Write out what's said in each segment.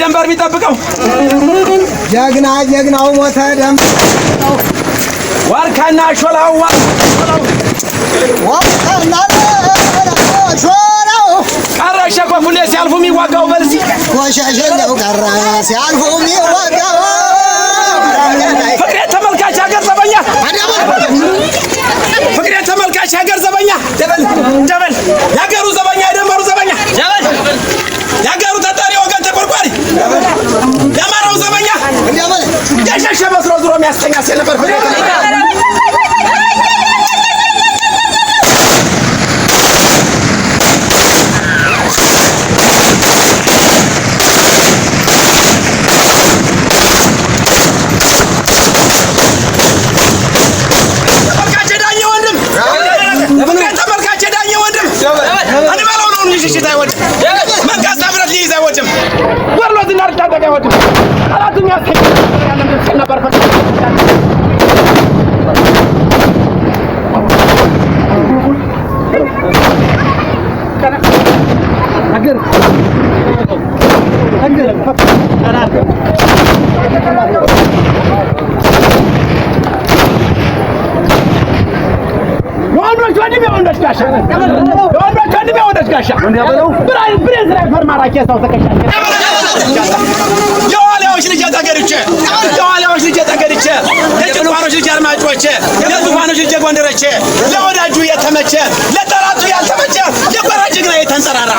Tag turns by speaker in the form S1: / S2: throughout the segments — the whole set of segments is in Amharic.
S1: ደንበር ቢጠብቀው
S2: ጀግና ጀግናው ሞተ ደንበር
S1: ዋርካና ሾላው
S2: ዋርካና ሾላው
S1: ቀረ ሸኮ ሁሌ ሲያልፉ የሚዋጋው በዚህ
S2: ቆሻሸኛው ቀረ ሲያልፉ የሚዋጋ
S1: me hacen la perjudicar. ራሱን ያስተኛ ነበር። ጋሻ ብሬን ስራ ፈርማራኪ ሰው ተቀሻ ለጭቋኖች ልጅ አድማጮቼ፣ ለዙፋኖች ልጅ ጎንደረቼ፣ ለወዳጁ የተመቸ ለጠራቱ ያልተመቸ የቆራ ጀግና የተንጸራራ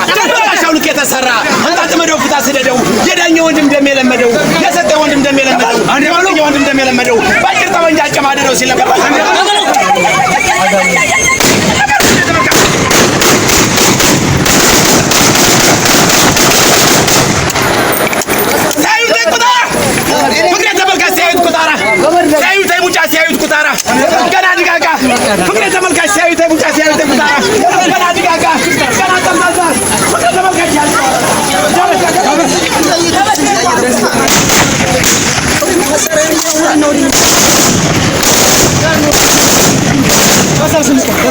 S1: ሻው ልክ የተሰራ አንጣጥመደው ፍታ ስደደው የዳኘ ወንድም እንደሚለመደው የሰጠ ወንድም እንደሚለመደው የወንድም እንደሚለመደው ባጭር ጠመንጃ አጨማደደው ሲል ነበር። ፍቅሬ ተመልካች ሲያዩት ቡጫ ሲያዩት ቡጫ ገናዲጋጋ ገና ጠምዛዛ ፍቅሬ ተመልካች ያለ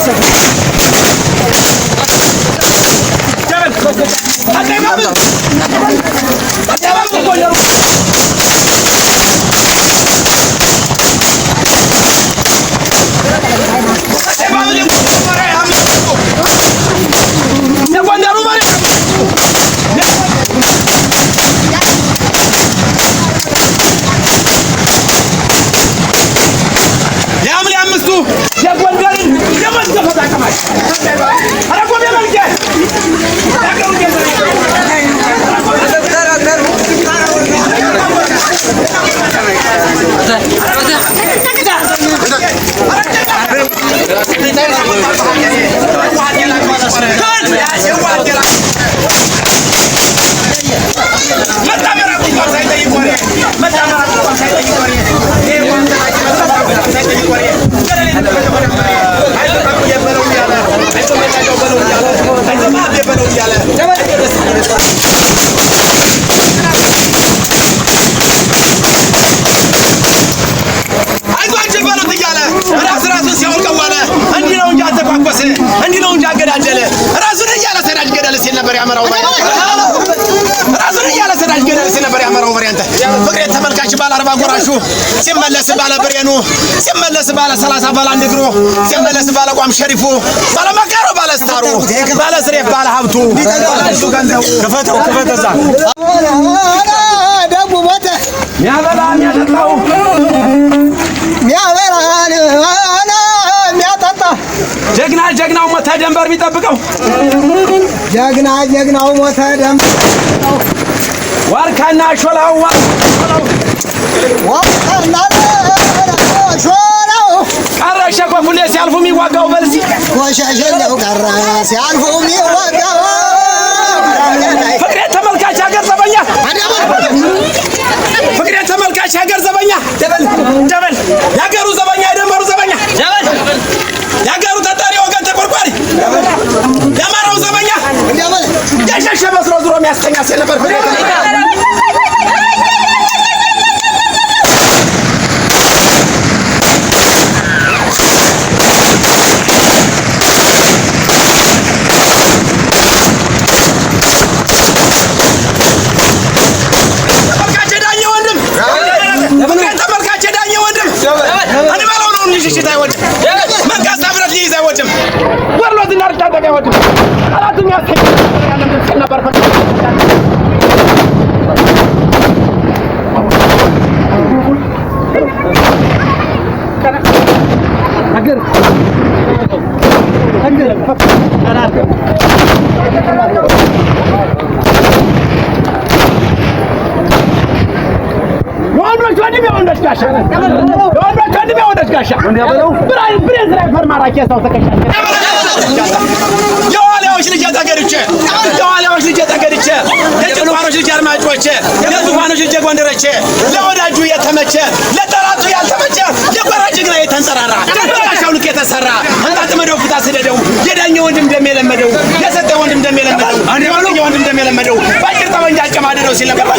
S1: ሰ እናንተ ፍቅሬ ተመልካች ባለ አርባ ጎራሹ ሲመለስ ባለ ብሬኑ ሲመለስ ባለ ሰላሳ ባለ አንድ እግሩ ሲመለስ ባለ ቋም ሸሪፉ ባለ መካሮ ባለ ስታሩ ባለ ስሬ ባለ ሀብቱ ክፈተው ክፈተዛ
S2: ሚያበላ ሚያጠጣው ሚያበላ ሚያጠጣ
S1: ጀግና ጀግናው ሞተ ደንበር ቢጠብቀው
S2: ጀግና ጀግናው ሞተ ደንበር
S1: واركعنا شولا واركعنا
S2: شولا
S1: قرشك وفلية سيعرفوا مين وقعوا برزي
S2: وشاشة وقرا سيعرفوا مين وقعوا
S1: ne oldu? Kara dünya seni yanımda seninle beraber. Hakkır. Hakkır. Hakkır. twenty में on रखा है ऑन रखा है में ऑन रखा Bırak, bırak, bırak, bırak. रखा है सब का የዋልያዎች ልጅ ተገድቼ የዋልያዎች ልጅ ተገድቼ የጭልዋኖች ልጅ አድማጮቼ የዙፋኖች ልጅ ጎንደረቼ ለወዳጁ የተመቸ ለጠላቱ ያልተመቸ የቆራ ጀግና የተንጸራራ ሻው ልክ የተሰራ አንጣጥመደው ፉታ ስደደው የዳኘ ወንድም እንደሚለመደው የሰጠ ወንድም እንደሚለመደው ወንድም እንደሚለመደው ባጭር ጠመንጃ አጨማደደው ሲል ነበር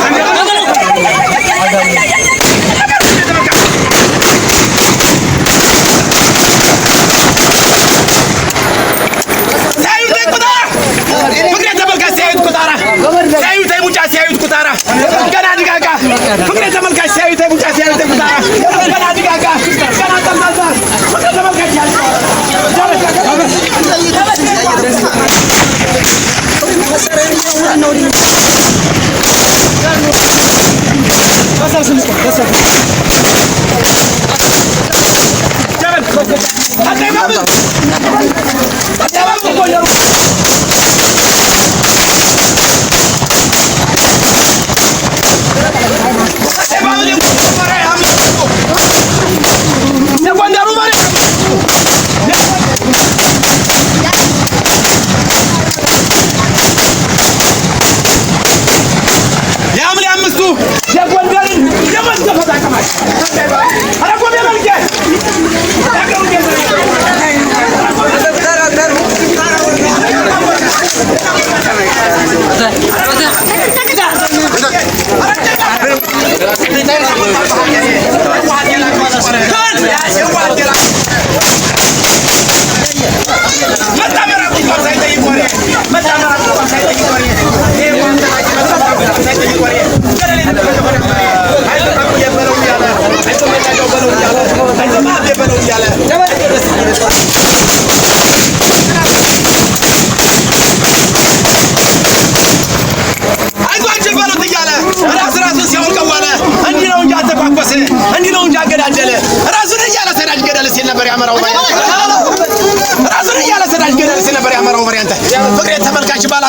S1: 别忘你了。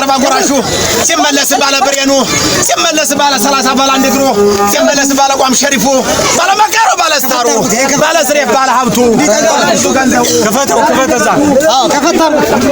S1: አርባ ጉራሹ ሲመለስ ባለ ብሬኑ ሲመለስ ባለ ሰላሳ ባለ አንድ እግሩ ሲመለስ ባለ ቋም ሸሪፉ ባለ መቃሩ ባለ ስታሩ ባለ ስሬፍ ባለ ሀብቱ ከፈተው ከፈተዛ